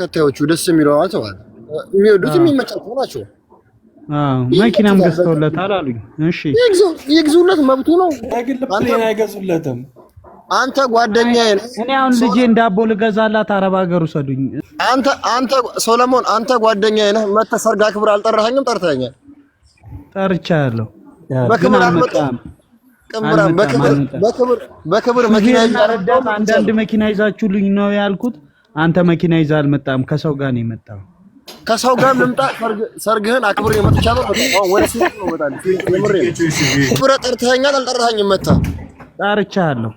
ተከታዮቹ ደስ የሚለው አተዋል የሚወዱት የሚመቻቸው ናቸው። መኪናም ገዝተውለታል አሉኝ። እሺ ይግዙለት፣ መብቱ ነው። አይገዙለትም። አንተ ጓደኛዬ ነህ። እኔ አሁን ልጄን እንዳቦ ልገዛላት አረብ ሀገር ውሰዱኝ። አንተ አንተ ሶሎሞን፣ አንተ ጓደኛዬ ነህ። መተህ ሰርግ አክብር። አልጠራኸኝም? ጠርተኸኛል። ጠርቻለሁ። በክብር አልመጣም። በክብር በክብር መኪና ይዛችሁ አንዳንድ መኪና ይዛችሁልኝ ነው ያልኩት አንተ መኪና ይዘህ አልመጣም። ከሰው ጋር ነው የመጣው። ከሰው ጋር መምጣ ሰርግህን አክብሬ መጥቻለሁ። ወይስ ነው ወጣል? ይምሬ ክብረ ጠርተኸኛል፣ አልጠራኸኝም? መጣ ጠርቻለሁ።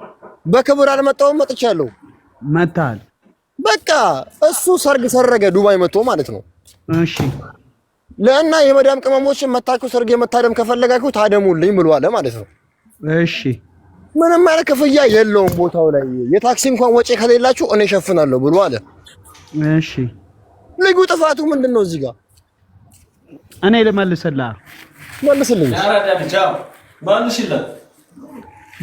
በክብር አልመጣሁም፣ መጥቻለሁ። መጣል በቃ እሱ ሰርግ ሰረገ፣ ዱባይ መጥቶ ማለት ነው። እሺ ለእና የመዳም ቅመሞችን መታችሁ ሰርግ የመታደም ከፈለጋችሁ ታደሙልኝ ብሏለ ማለት ነው። እሺ ምንም አይነት ክፍያ የለውም። ቦታው ላይ የታክሲ እንኳን ወጪ ከሌላችሁ እኔ እሸፍናለሁ ብሎ አለ። እሺ ልጁ ጥፋቱ ምንድን ነው? እዚህ ጋር እኔ ልመልስልህ። መልስልኝ።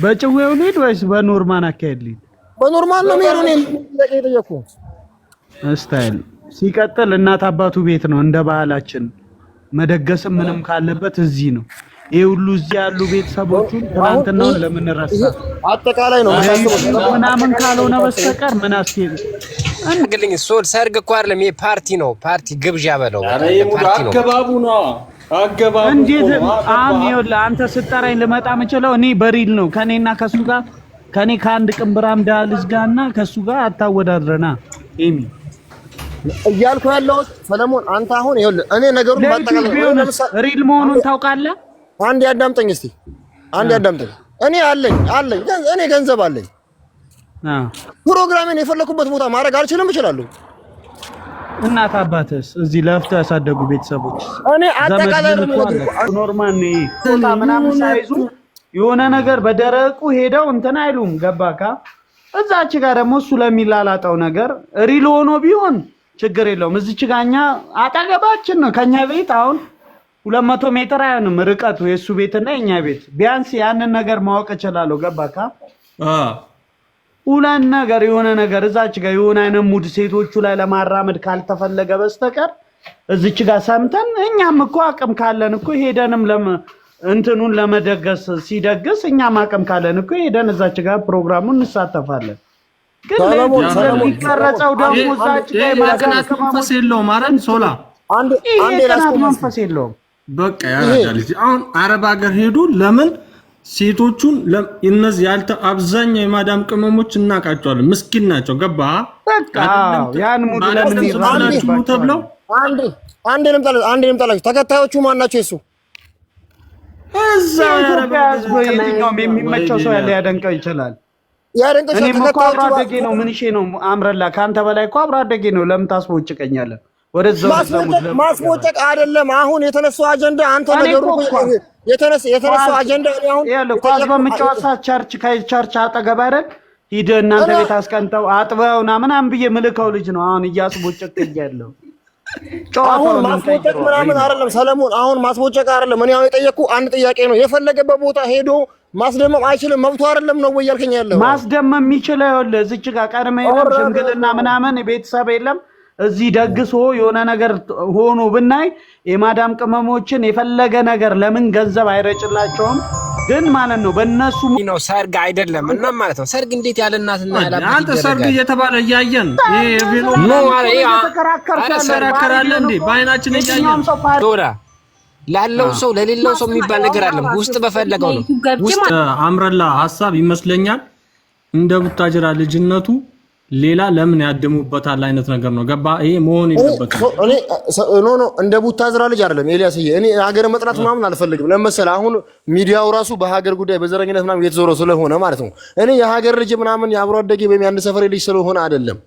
በጭዌው ልሂድ ወይስ በኖርማን አካሄድ ልሂድ? በኖርማል ነው የምሄደው። እኔ ጥያቄ ሲቀጥል እናት አባቱ ቤት ነው እንደ ባህላችን መደገስም ምንም ካለበት እዚህ ነው። ይህ ሁሉ እዚህ ያሉ ቤተሰቦቹን ትናንትና ለምን ረሳ? አጠቃላይ ነው ምናምን ካልሆነ በስተቀር ምን አስኬድ እንግዲህ ሶል ሰርግ እኮ አይደለም፣ ይሄ ፓርቲ ነው። ፓርቲ ግብዣ በለው አገባቡ ነው አገባቡ። እንዴት አሁን ይኸውልህ፣ አንተ ስጠራኝ ልመጣ የምችለው እኔ በሪል ነው ከእኔና ከሱ ጋር ከኔ ከአንድ ቅንብራም ዳልዝ ልጅ ጋር እና ጋር አታወዳድረና ኤሚ እያልኩ ያለሁት ሰለሞን፣ አንተ አሁን ይኸውልህ፣ እኔ ነገሩን ባጠቃላይ ሪል መሆኑን ታውቃለህ አንድ ያዳምጠኝ እስቲ፣ አንድ ያዳምጠኝ። እኔ አለኝ አለኝ እኔ ገንዘብ አለኝ። ፕሮግራሜን የፈለኩበት ቦታ ማድረግ አልችልም? እችላለሁ። እናት አባትስ እዚህ ለፍተህ ያሳደጉ ቤተሰቦች እኔ አጠቃላይ ኖርማል ነው ምናምን ሳይዙ የሆነ ነገር በደረቁ ሄደው እንትን አይሉም። ገባካ? እዛች ጋር ደግሞ እሱ ለሚላላጠው ነገር ሪል ሆኖ ቢሆን ችግር የለውም። እዚች ጋኛ አጠገባችን ነው ከኛ ቤት አሁን ሁለት መቶ ሜትር አይሆንም ርቀቱ የእሱ ቤትና የኛ ቤት። ቢያንስ ያንን ነገር ማወቅ እችላለሁ። ገባካ ሁለት ነገር የሆነ ነገር እዛች ጋር የሆነ አይነት ሙድ ሴቶቹ ላይ ለማራመድ ካልተፈለገ በስተቀር እዚች ጋር ሰምተን እኛም እኮ አቅም ካለን እኮ ሄደንም እንትኑን ለመደገስ ሲደግስ እኛም አቅም ካለን እኮ ሄደን እዛች ጋር ፕሮግራሙን እንሳተፋለን። ግንሚቀረጸው ደግሞ እዛች ጋር የማቅናት መንፈስ የለውም። አረን ሶላ አንድ የቅናት መንፈስ የለውም። በቃ ልጅ አሁን አረብ ሀገር ሄዶ ለምን ሴቶቹን እነዚህ ያልተ አብዛኛው የማዳም ቅመሞች እናውቃቸዋለን፣ ምስኪን ናቸው። ገባ ተብለው አንድ ልምጣላችሁ። ተከታዮቹ ማን ናቸው? የሱ የትኛውም የሚመቸው ሰው ያለ ያደንቀው ይችላል። እኔም እኮ አብሮ አደጌ ነው። ምን ነው አምረላ ከአንተ በላይ እኮ አብሮ አደጌ ነው። ለምን ታስቦ ማስቦጨቅ አይደለም። አሁን የተነሳው አጀንዳ አንተ ነገሩ የተነሳው አጀንዳ ኳስ በምጫወት ቸርች ከቸርች አጠገብ አይደል ሂደህ እናንተ ቤት አስቀንጠው አጥበውና ምናምን ብዬ ምልከው ልጅ ነው አሁን እያስቦጨቅ እያለሁ አሁን ማስቦጨቅ ምናምን አይደለም ሰለሞን፣ አሁን ማስቦጨቅ አይደለም። እኔ አሁን የጠየቅኩህ አንድ ጥያቄ ነው። የፈለገበት ቦታ ሄዶ ማስደመም አይችልም፣ መብቱ አይደለም ነው ወይ ያልከኝ? ያለው ማስደመም የሚችለው ይኸውልህ፣ እዚች ጋር ቀድመህ የለም ሽምግልና ምናምን ቤተሰብ የለም እዚህ ደግሶ የሆነ ነገር ሆኖ ብናይ የማዳም ቅመሞችን የፈለገ ነገር ለምን ገንዘብ አይረጭላቸውም? ግን ማለት ነው በእነሱ ነው ሰርግ አይደለም እና ማለት ነው ሰርግ እንዴት ያለ አንተ ሰርግ እየተባለ እያየን ተከራከራለ እንዴ በአይናችን እያየን ላለው ሰው ለሌለው ሰው የሚባል ነገር አለም ውስጥ በፈለገው ነው አምረላ ሀሳብ ይመስለኛል እንደ ቡታጅራ ልጅነቱ ሌላ ለምን ያድሙበታል አይነት ነገር ነው። ገባ? ይሄ መሆን የለበትም። ኖ ኖ እንደ ቡታዝራ ልጅ አይደለም ኤልያስዬ። እኔ ሀገር መጥራት ምናምን አልፈልግም። ለምሳሌ አሁን ሚዲያው ራሱ በሀገር ጉዳይ በዘረኝነት ምናምን እየተዞረ ስለሆነ ማለት ነው። እኔ የሀገር ልጅ ምናምን የአብሮ አደጌ ወይም የአንድ ሰፈሬ ልጅ ስለሆነ አይደለም።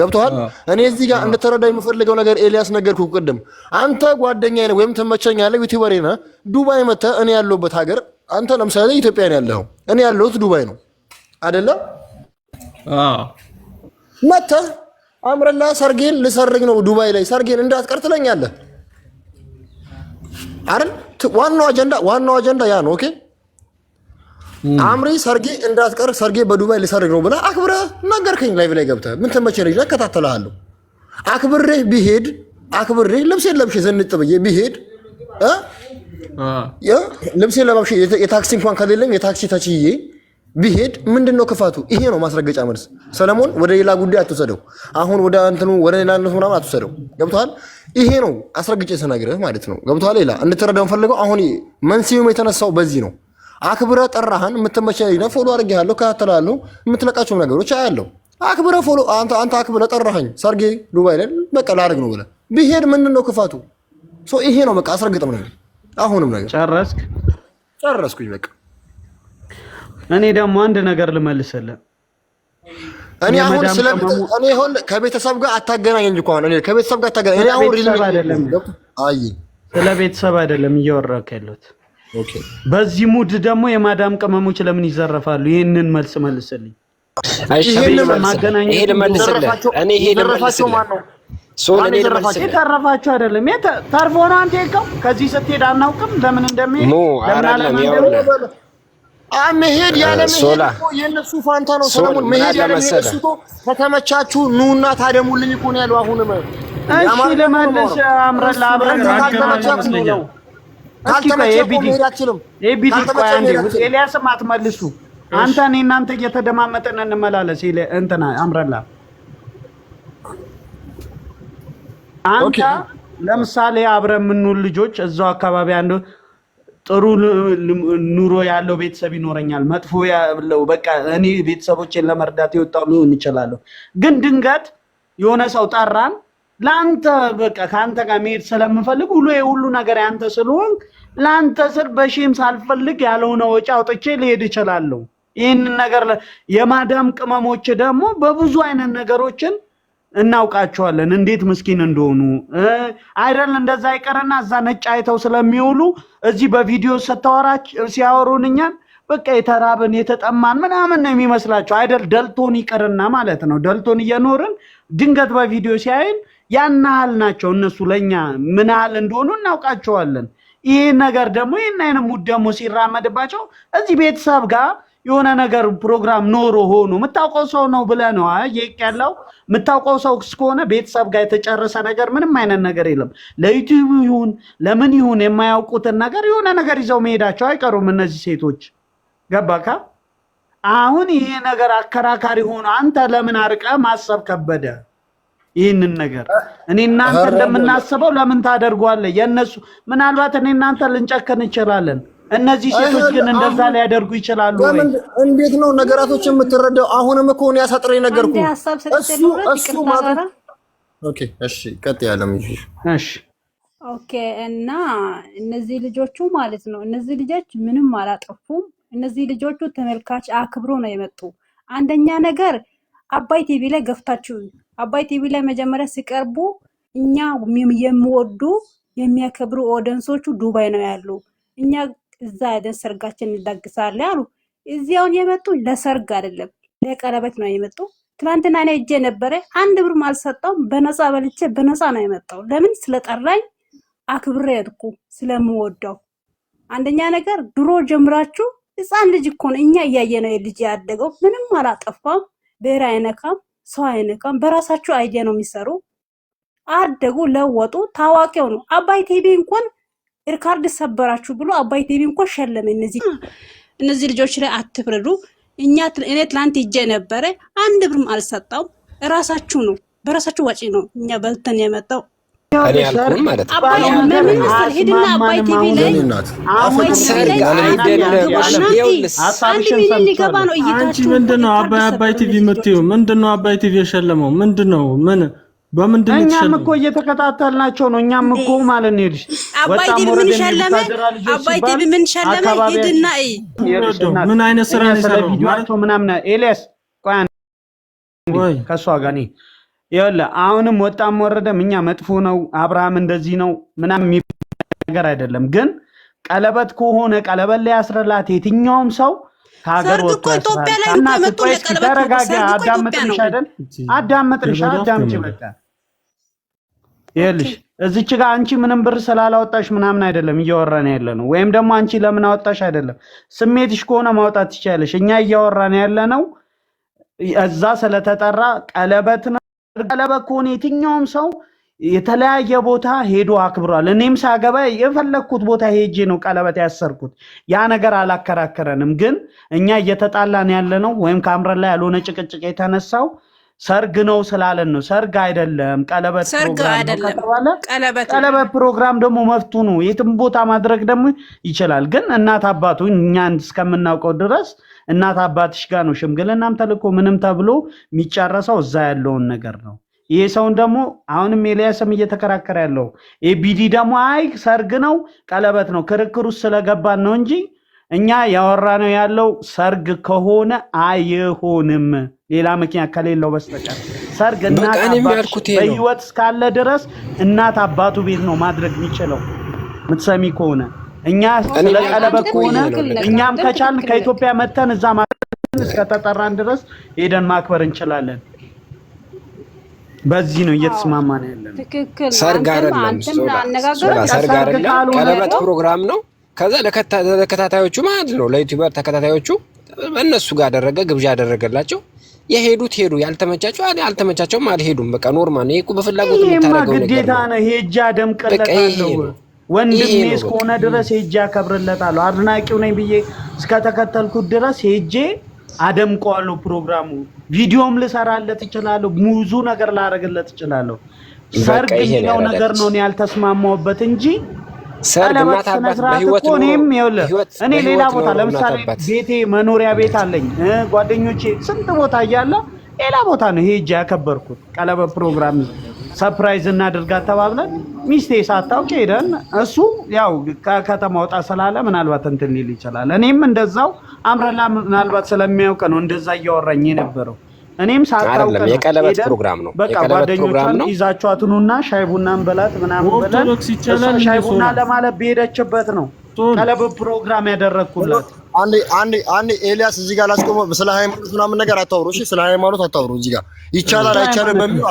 ገብቶሃል? እኔ እዚህ ጋር እንድትረዳ የምፈልገው ነገር ኤልያስ ነገርኩ ቅድም። አንተ ጓደኛ ነህ ወይም ትመቸኛለህ፣ ዩቲዩበሬ ነህ። ዱባይ መተህ እኔ ያለሁበት ሀገር አንተ ለምሳሌ ኢትዮጵያ ነው እኔ ያለሁት ዱባይ ነው አይደለም? መተ አምረላ ሰርጌን ልሰርግ ነው ዱባይ ላይ ሰርጌን እንዳትቀር ትለኛለህ አይደል? ዋናው አጀንዳ ዋናው አጀንዳ ያ ነው። ኦኬ አምሪ ሰርጌ እንዳትቀር ሰርጌ በዱባይ ልሰርግ ነው ብለህ አክብረህ ነገርከኝ። ላይ ላይ ገብተህ ምን ትመቸኝ ልጅ ላይ እከታተልሃለሁ። አክብሬህ ቢሄድ አክብሬህ ልብሴን ለብሼ ዘንጥ ብዬ ቢሄድ ልብሴን ለብሼ የታክሲ እንኳን ከሌለኝ የታክሲ ተችዬ ቢሄድ ምንድን ነው ክፋቱ? ይሄ ነው ማስረገጫ መልስ። ሰለሞን ወደ ሌላ ጉዳይ አትውሰደው። አሁን ወደ እንትኑ ወደ ሌላ ነቱ ምናምን አትውሰደው። ገብቶሃል? ይሄ ነው አስረግጬ ስነግርህ ማለት ነው። ገብቶሃል? ሌላ እንድትረዳው ፈልገው። አሁን መንስኤውም የተነሳው በዚህ ነው። አክብረ ጠራህን የምትመቸ ነው። ፎሎ አድርጌሃለሁ፣ እከታተላለሁ። የምትለቃቸውም ነገሮች አያለሁ። አክብረ ፎሎ አንተ አንተ አክብረ ጠራኸኝ ሰርጌ ዱባይ ላይ በቃ ላድርግ ነው ብለህ ቢሄድ ምንድን ነው ክፋቱ? ይሄ ነው በቃ አስረግጥም ነገር አሁንም ነገር ጨረስክ ጨረስኩኝ በቃ እኔ ደግሞ አንድ ነገር ልመልስልህ። እኔ አሁን ስለ እኔ አሁን ከቤተሰብ ጋር አታገናኘኝ እኮ አሁን እኔ ከቤተሰብ ጋር አታገናኘኝ። እኔ አሁን ሪል አይደለም፣ አይ ስለ ቤተሰብ አይደለም እያወራክ ያለሁት። በዚህ ሙድ ደግሞ የማዳም ቅመሞች ለምን ይዘረፋሉ? ይህንን መልስ መልስልኝ። እሺ፣ ማገናኘት ይሄ ልመልስልህ አይደለም ታርፎ ነው አንተ ከዚህ ስትሄድ አናውቅም ለምን እንደሚሄድ ለምን አለ መሄድ ያለ መሄድ የእነሱ ፋንታ ነው። ሰለሞን መሄድ ያለመሄድ እሱ እኮ ከተመቻችሁ ኑና ታደሙልኝ እኮ ነው ያለው። አሁንም እሺ፣ ለመለስ አምረላ አብረን ካልተመቻችሁ ነው ካልተመቻችሁ መሄድ አትችልም። ኤቢዲ ቆይ አንዴ፣ ኤልያስም አትመልሱ። አንተ እኔ እናንተ እየተደማመጥን እንመላለስ። ይለ እንትና አምረላ አንተ ለምሳሌ አብረን የምንውል ልጆች እዛው አካባቢ አንዱ ጥሩ ኑሮ ያለው ቤተሰብ ይኖረኛል፣ መጥፎ ያለው በቃ እኔ ቤተሰቦቼን ለመርዳት የወጣው ሊሆን ይችላለሁ። ግን ድንገት የሆነ ሰው ጠራን፣ ለአንተ በቃ ከአንተ ጋር መሄድ ስለምፈልግ ሁሉ የሁሉ ነገር ያንተ ስልሆን ለአንተ ስል በሺም ሳልፈልግ ያልሆነ ወጪ አውጥቼ ሊሄድ እችላለሁ። ይህንን ነገር የማዳም ቅመሞች ደግሞ በብዙ አይነት ነገሮችን እናውቃቸዋለን እንዴት ምስኪን እንደሆኑ አይደል? እንደዛ አይቀርና እዛ ነጭ አይተው ስለሚውሉ እዚህ በቪዲዮ ስታወራች ሲያወሩን እኛን በቃ የተራብን የተጠማን ምናምን ነው የሚመስላቸው አይደል? ደልቶን ይቅርና ማለት ነው ደልቶን እየኖርን ድንገት በቪዲዮ ሲያይን ያን ናቸው እነሱ ለእኛ ምን ያህል እንደሆኑ እናውቃቸዋለን። ይህ ነገር ደግሞ ይህን አይነት ሙድ ደግሞ ሲራመድባቸው እዚህ ቤተሰብ ጋር የሆነ ነገር ፕሮግራም ኖሮ ሆኖ የምታውቀው ሰው ነው ብለህ ነው ይቅ ያለው። የምታውቀው ሰው እስከሆነ ቤተሰብ ጋር የተጨረሰ ነገር ምንም አይነት ነገር የለም። ለዩቲዩብ ይሁን ለምን ይሁን የማያውቁትን ነገር የሆነ ነገር ይዘው መሄዳቸው አይቀሩም እነዚህ ሴቶች። ገባካ? አሁን ይሄ ነገር አከራካሪ ሆኖ አንተ ለምን አርቀ ማሰብ ከበደ? ይህንን ነገር እኔ እናንተ እንደምናስበው ለምን ታደርጓለ የእነሱ ምናልባት እኔ እናንተ ልንጨክን እንችላለን እነዚህ ሴቶች ግን እንደዛ ሊያደርጉ ይችላሉ ወይ? እንዴት ነው ነገራቶች የምትረዳው? አሁንም እኮ ነው ያሳጥረ ነገርኩ። እሱ እሱ ማለት ኦኬ፣ እሺ፣ ቀጥ ያለም እሺ፣ ኦኬ። እና እነዚህ ልጆቹ ማለት ነው እነዚህ ልጆች ምንም አላጠፉም። እነዚህ ልጆቹ ተመልካች አክብሮ ነው የመጡ። አንደኛ ነገር አባይ ቲቪ ላይ ገፍታችሁ አባይ ቲቪ ላይ መጀመሪያ ሲቀርቡ እኛ የሚወዱ የሚያከብሩ ኦደንሶቹ ዱባይ ነው ያሉ እኛ እዛ ሄደን ሰርጋችን እንዳግሳለን አሉ። እዚያውን የመጡ ለሰርግ አይደለም ለቀለበት ነው የመጡ። ትናንትና እኔ እጄ ነበረ፣ አንድ ብርም አልሰጠውም። በነፃ በልቼ በነፃ ነው የመጣው። ለምን ስለጠራኝ አክብሬ ሄድኩ፣ ስለምወደው። አንደኛ ነገር ድሮ ጀምራችሁ ህፃን ልጅ እኮ ነው እኛ እያየ ነው የልጅ ያደገው። ምንም አላጠፋም፣ ብሔር አይነካም፣ ሰው አይነካም። በራሳችሁ አይዲያ ነው የሚሰሩ አደጉ፣ ለወጡ፣ ታዋቂው ነው አባይ ቲቪ እንኳን ሪካርድ ሰበራችሁ ብሎ አባይ ቲቪ እንኳ ሸለመ። እነዚህ እነዚህ ልጆች ላይ አትፍረዱ። እኛ እኔ ትላንት ይጄ ነበረ፣ አንድ ብርም አልሰጣውም። እራሳችሁ ነው በራሳችሁ ወጪ ነው እኛ በልተን የመጣው ምንድን ነው አባይ ቲቪ የምትይው? ምንድን ነው አባይ ቲቪ የሸለመው ምንድን ነው ምን በምንድን ነው እኛም እኮ እየተከታተልናቸው ነው። እኛም እኮ ማለት ነው አባይ ቲቪ ምን ሸለመ? አባይ ቲቪ ምን ሸለመ? ሂድና ምን አይነት ስራ ምናምን ኤልያስ ጋር ይኸውልህ። አሁንም ወጣም ወረደም እኛ መጥፎ ነው አብርሃም እንደዚህ ነው ምናምን የሚባል ነገር አይደለም። ግን ቀለበት ከሆነ ቀለበት ላይ አስረላት የትኛውም ሰው ከሀገር ወጥቶ ተረጋጋ። አዳምጥልሽ አይደል? አዳምጥልሽ አዳምጪ። በቃ ይኸውልሽ እዚች ጋር አንቺ ምንም ብር ስላላወጣሽ ምናምን አይደለም እያወራን ያለ ነው። ወይም ደግሞ አንቺ ለምን አወጣሽ አይደለም። ስሜትሽ ከሆነ ማውጣት ትችያለሽ። እኛ እያወራን ያለ ነው እዛ ስለተጠራ ቀለበት ነው። ቀለበት ከሆነ የትኛውም ሰው የተለያየ ቦታ ሄዶ አክብሯል። እኔም ሳገባ የፈለግኩት ቦታ ሄጄ ነው ቀለበት ያሰርኩት። ያ ነገር አላከራከረንም። ግን እኛ እየተጣላን ያለ ነው ወይም ከአምረን ላይ ያልሆነ ጭቅጭቅ የተነሳው ሰርግ ነው ስላለን ነው። ሰርግ አይደለም ቀለበት ቀለበት ፕሮግራም ደግሞ መፍቱ ነው። የትም ቦታ ማድረግ ደግሞ ይችላል። ግን እናት አባቱ እኛ እስከምናውቀው ድረስ እናት አባትሽ ጋር ነው ሽምግልናም ተልኮ ምንም ተብሎ የሚጨረሰው እዛ ያለውን ነገር ነው። ይሄ ሰውን ደግሞ አሁንም ኤልያስም እየተከራከረ ያለው ኤቢዲ ደግሞ አይ ሰርግ ነው ቀለበት ነው ክርክሩ ስለገባን ነው እንጂ እኛ ያወራ ነው ያለው ሰርግ ከሆነ አይሆንም፣ ሌላ ምክንያት ከሌለው በስተቀር ሰርግ እናት በህይወት እስካለ ድረስ እናት አባቱ ቤት ነው ማድረግ የሚችለው። ምትሰሚ ከሆነ እኛ ስለቀለበት ከሆነ እኛም ከቻልን ከኢትዮጵያ መተን እዛ እስከተጠራን ድረስ ሄደን ማክበር እንችላለን። በዚህ ነው እየተስማማ ነው ያለ። ትክክል። ሰርግ አይደለም፣ ሰርግ አይደለም፣ ቀለበት ፕሮግራም ነው። ከዛ ለተከታታዮቹ ማለት ነው ለዩቲዩበር ተከታታዮቹ እነሱ ጋር አደረገ፣ ግብዣ አደረገላቸው። የሄዱት ሄዱ፣ ያልተመቻቸው አለ አልተመቻቸውም፣ አልሄዱም። በቃ ኖርማል ነው። ይሄ በፍላጎት የምታደርገው ነገር ግዴታ ነው። ሄጄ አደምቅለታለሁ፣ ወንድሜ እስከሆነ ድረስ ሄጄ አከብርለታለሁ። አድናቂው ነኝ ብዬ እስከተከተልኩት ድረስ ሄጄ አደምቀዋለሁ። ፕሮግራሙ ቪዲዮም ልሰራለት እችላለሁ። ብዙ ነገር ላደርግለት እችላለሁ። ሰርግ የሚለው ነገር ነው ያልተስማማሁበት እንጂ ቀለበት ስነ ስርዓት እኮ እኔም ይኸውልህ፣ እኔ ሌላ ቦታ ለምሳሌ ቤቴ መኖሪያ ቤት አለኝ፣ ጓደኞቼ ስንት ቦታ እያለ ሌላ ቦታ ነው ሄጄ ያከበርኩት ቀለበት ፕሮግራም ሰርፕራይዝ እናድርጋት ተባብለን ሚስቴ ሳታውቅ ሄደን እሱ ያው ከከተማ ወጣ ስላለ ምናልባት እንትን ሊል ይችላል። እኔም እንደዛው አምረላ ምናልባት ስለሚያውቅ ነው እንደዛ እያወራኝ የነበረው። እኔም ሳታውቅ የቀለበት ፕሮግራም ነው። በቃ ጓደኞቿን ይዛችኋት ኑና ሻይ ቡናን በላት ምናምን ብለን ሻይ ቡና ለማለት በሄደችበት ነው ቀለበት ፕሮግራም ያደረግኩላት። አንዴ አንዴ አንዴ ኤልያስ እዚህ ጋር ላስቆመው። ስለ ሃይማኖት ምናምን ነገር አታውሩ፣ እሺ? ስለ ሃይማኖት አታውሩ እዚህ ጋር ይቻላል አይቻልም በሚለው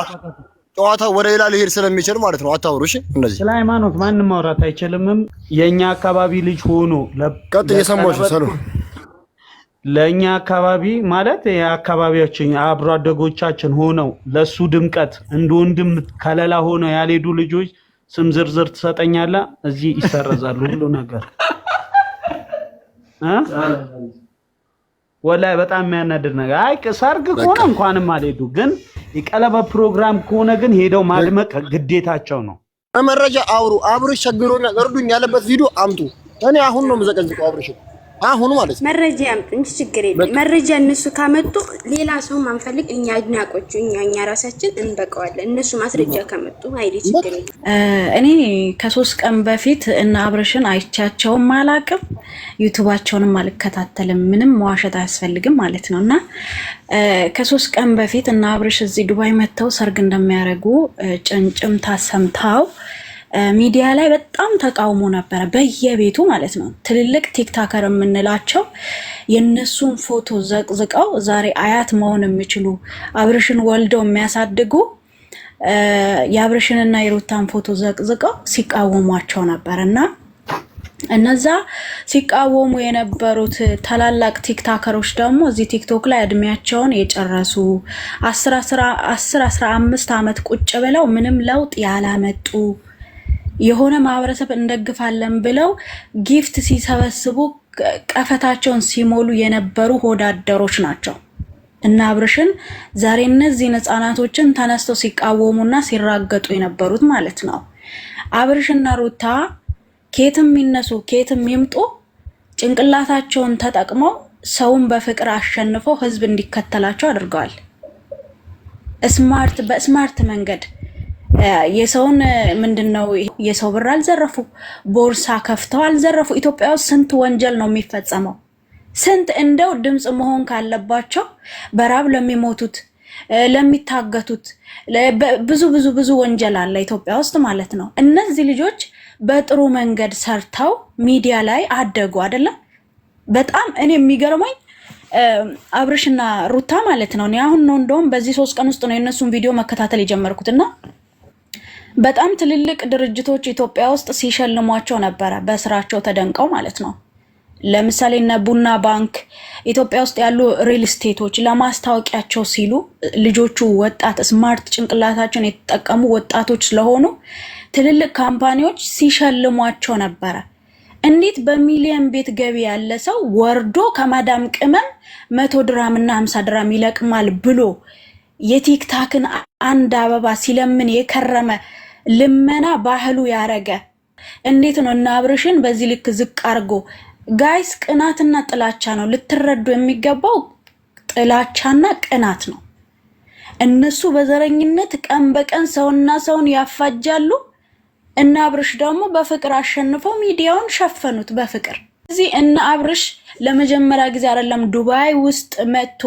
ጨዋታ ወደ ሌላ ሊሄድ ስለሚችል ማለት ነው። አታውሩ። እሺ፣ እንደዚህ ስለ ሃይማኖት ማንም ማውራት አይችልምም። የእኛ አካባቢ ልጅ ሆኖ ቀጥ እየሰማች ሰሉ ለእኛ አካባቢ ማለት የአካባቢያችን አብሮ አደጎቻችን ሆነው ለእሱ ድምቀት እንደ ወንድም ከለላ ሆነው ያልሄዱ ልጆች ስም ዝርዝር ትሰጠኛላ። እዚህ ይሰረዛሉ ሁሉ ነገር ወላይ በጣም የሚያናድድ ነገር። አይ ሰርግ ከሆነ እንኳንም አልሄዱ ግን የቀለበት ፕሮግራም ከሆነ ግን ሄደው ማድመቅ ግዴታቸው ነው። መረጃ አውሩ፣ አብርሽ ቸግሮኛል እርዱኝ ያለበት ቪዲዮ አምጡ። እኔ አሁን ነው የምዘቀዝቀው አብርሽን አሁን ማለት መረጃ ያምጡ እንጂ ችግር የለም። መረጃ እነሱ ካመጡ ሌላ ሰው ማንፈልግ እኛ አድናቆቹ እኛ እኛ ራሳችን እንበቀዋለን። እነሱ ማስረጃ ካመጡ አይዲ ችግር የለም። እኔ ከሶስት ቀን በፊት እና አብረሽን አይቻቸውም አላቅም፣ ዩቱባቸውንም አልከታተልም። ምንም መዋሸት አያስፈልግም ማለት ነው እና ከሶስት ቀን በፊት እና አብረሽ እዚህ ዱባይ መጥተው ሰርግ እንደሚያደርጉ ጭንጭምታ ሰምታው ሚዲያ ላይ በጣም ተቃውሞ ነበረ፣ በየቤቱ ማለት ነው። ትልልቅ ቲክታከር የምንላቸው የእነሱን ፎቶ ዘቅዝቀው ዛሬ አያት መሆን የሚችሉ አብርሽን ወልደው የሚያሳድጉ የአብርሽንና የሩታን ፎቶ ዘቅዝቀው ሲቃወሟቸው ነበር እና እነዛ ሲቃወሙ የነበሩት ታላላቅ ቲክታከሮች ደግሞ እዚህ ቲክቶክ ላይ እድሜያቸውን የጨረሱ አስር አስራ አምስት ዓመት ቁጭ ብለው ምንም ለውጥ ያላመጡ የሆነ ማህበረሰብ እንደግፋለን ብለው ጊፍት ሲሰበስቡ ቀፈታቸውን ሲሞሉ የነበሩ ሆዳደሮች ናቸው እና አብርሽን ዛሬ እነዚህን ህፃናቶችን ተነስተው ሲቃወሙና ሲራገጡ የነበሩት ማለት ነው። አብርሽና ሩታ ኬትም ይነሱ ኬትም ይምጡ ጭንቅላታቸውን ተጠቅመው ሰውን በፍቅር አሸንፈው ህዝብ እንዲከተላቸው አድርገዋል። ስማርት በስማርት መንገድ የሰውን ምንድን ነው የሰው ብር አልዘረፉ፣ ቦርሳ ከፍተው አልዘረፉ። ኢትዮጵያ ውስጥ ስንት ወንጀል ነው የሚፈጸመው? ስንት እንደው ድምፅ መሆን ካለባቸው በራብ ለሚሞቱት ለሚታገቱት ብዙ ብዙ ብዙ ወንጀል አለ ኢትዮጵያ ውስጥ ማለት ነው። እነዚህ ልጆች በጥሩ መንገድ ሰርተው ሚዲያ ላይ አደጉ አይደለም። በጣም እኔ የሚገርመኝ አብርሽና ሩታ ማለት ነው። እኔ አሁን ነው እንደውም በዚህ ሶስት ቀን ውስጥ ነው የእነሱን ቪዲዮ መከታተል የጀመርኩት እና በጣም ትልልቅ ድርጅቶች ኢትዮጵያ ውስጥ ሲሸልሟቸው ነበረ፣ በስራቸው ተደንቀው ማለት ነው። ለምሳሌ እነ ቡና ባንክ፣ ኢትዮጵያ ውስጥ ያሉ ሪል ስቴቶች ለማስታወቂያቸው ሲሉ ልጆቹ ወጣት ስማርት ጭንቅላታቸውን የተጠቀሙ ወጣቶች ስለሆኑ ትልልቅ ካምፓኒዎች ሲሸልሟቸው ነበረ። እንዴት በሚሊየን ቤት ገቢ ያለ ሰው ወርዶ ከማዳም ቅመም መቶ ድራም እና ሀምሳ ድራም ይለቅማል ብሎ የቲክታክን አንድ አበባ ሲለምን የከረመ ልመና ባህሉ ያረገ እንዴት ነው እና አብርሽን በዚህ ልክ ዝቅ አርጎ ጋይስ፣ ቅናትና ጥላቻ ነው ልትረዱ የሚገባው። ጥላቻና ቅናት ነው። እነሱ በዘረኝነት ቀን በቀን ሰውና ሰውን ያፋጃሉ። እና አብርሽ ደግሞ በፍቅር አሸንፈው ሚዲያውን ሸፈኑት በፍቅር እዚህ እና አብርሽ ለመጀመሪያ ጊዜ አይደለም ዱባይ ውስጥ መጥቶ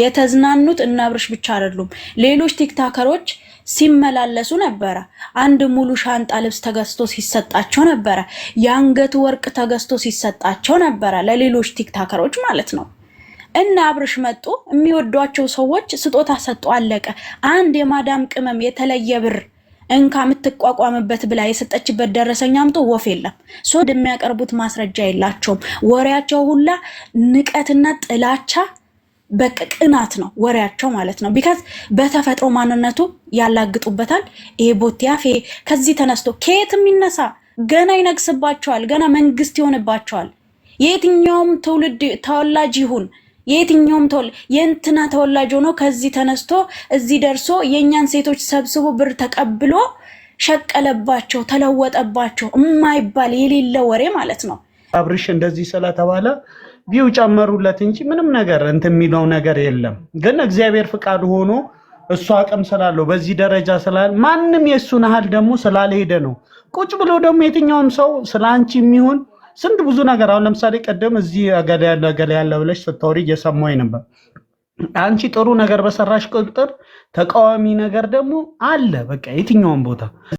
የተዝናኑት እና አብርሽ ብቻ አይደሉም ሌሎች ቲክታከሮች ሲመላለሱ ነበረ። አንድ ሙሉ ሻንጣ ልብስ ተገዝቶ ሲሰጣቸው ነበረ። የአንገት ወርቅ ተገዝቶ ሲሰጣቸው ነበረ፣ ለሌሎች ቲክታከሮች ማለት ነው። እና አብርሽ መጡ። የሚወዷቸው ሰዎች ስጦታ ሰጡ፣ አለቀ። አንድ የማዳም ቅመም የተለየ ብር እንካ የምትቋቋምበት ብላ የሰጠችበት ደረሰኛ አምጦ ወፍ የለም። ሶድ የሚያቀርቡት ማስረጃ የላቸውም። ወሬያቸው ሁላ ንቀትና ጥላቻ በቃ ቅናት ነው ወሬያቸው ማለት ነው። ቢካዝ በተፈጥሮ ማንነቱ ያላግጡበታል። ይሄ ቦቴ አፌ ከዚህ ተነስቶ ከየት የሚነሳ ገና ይነግስባቸዋል፣ ገና መንግስት ይሆንባቸዋል። የትኛውም ትውልድ ተወላጅ ይሁን የትኛውም ተወል የእንትና ተወላጅ ሆኖ ከዚህ ተነስቶ እዚህ ደርሶ የእኛን ሴቶች ሰብስቦ ብር ተቀብሎ ሸቀለባቸው፣ ተለወጠባቸው፣ የማይባል የሌለ ወሬ ማለት ነው። አብርሽ እንደዚህ ስለተባለ ቪው ጨመሩለት እንጂ ምንም ነገር እንትን የሚለው ነገር የለም። ግን እግዚአብሔር ፍቃድ ሆኖ እሱ አቅም ስላለው በዚህ ደረጃ ስላለ ማንም የእሱን ያህል ደግሞ ስላልሄደ ነው። ቁጭ ብሎ ደግሞ የትኛውም ሰው ስለ አንቺ የሚሆን ስንት ብዙ ነገር አሁን ለምሳሌ ቀደም እዚህ እገሌ ያለ እገሌ ያለ ብለሽ ስታወሪ እየሰማሁኝ ነበር። አንቺ ጥሩ ነገር በሰራሽ ቁጥር ተቃዋሚ ነገር ደግሞ አለ። በቃ የትኛውም ቦታ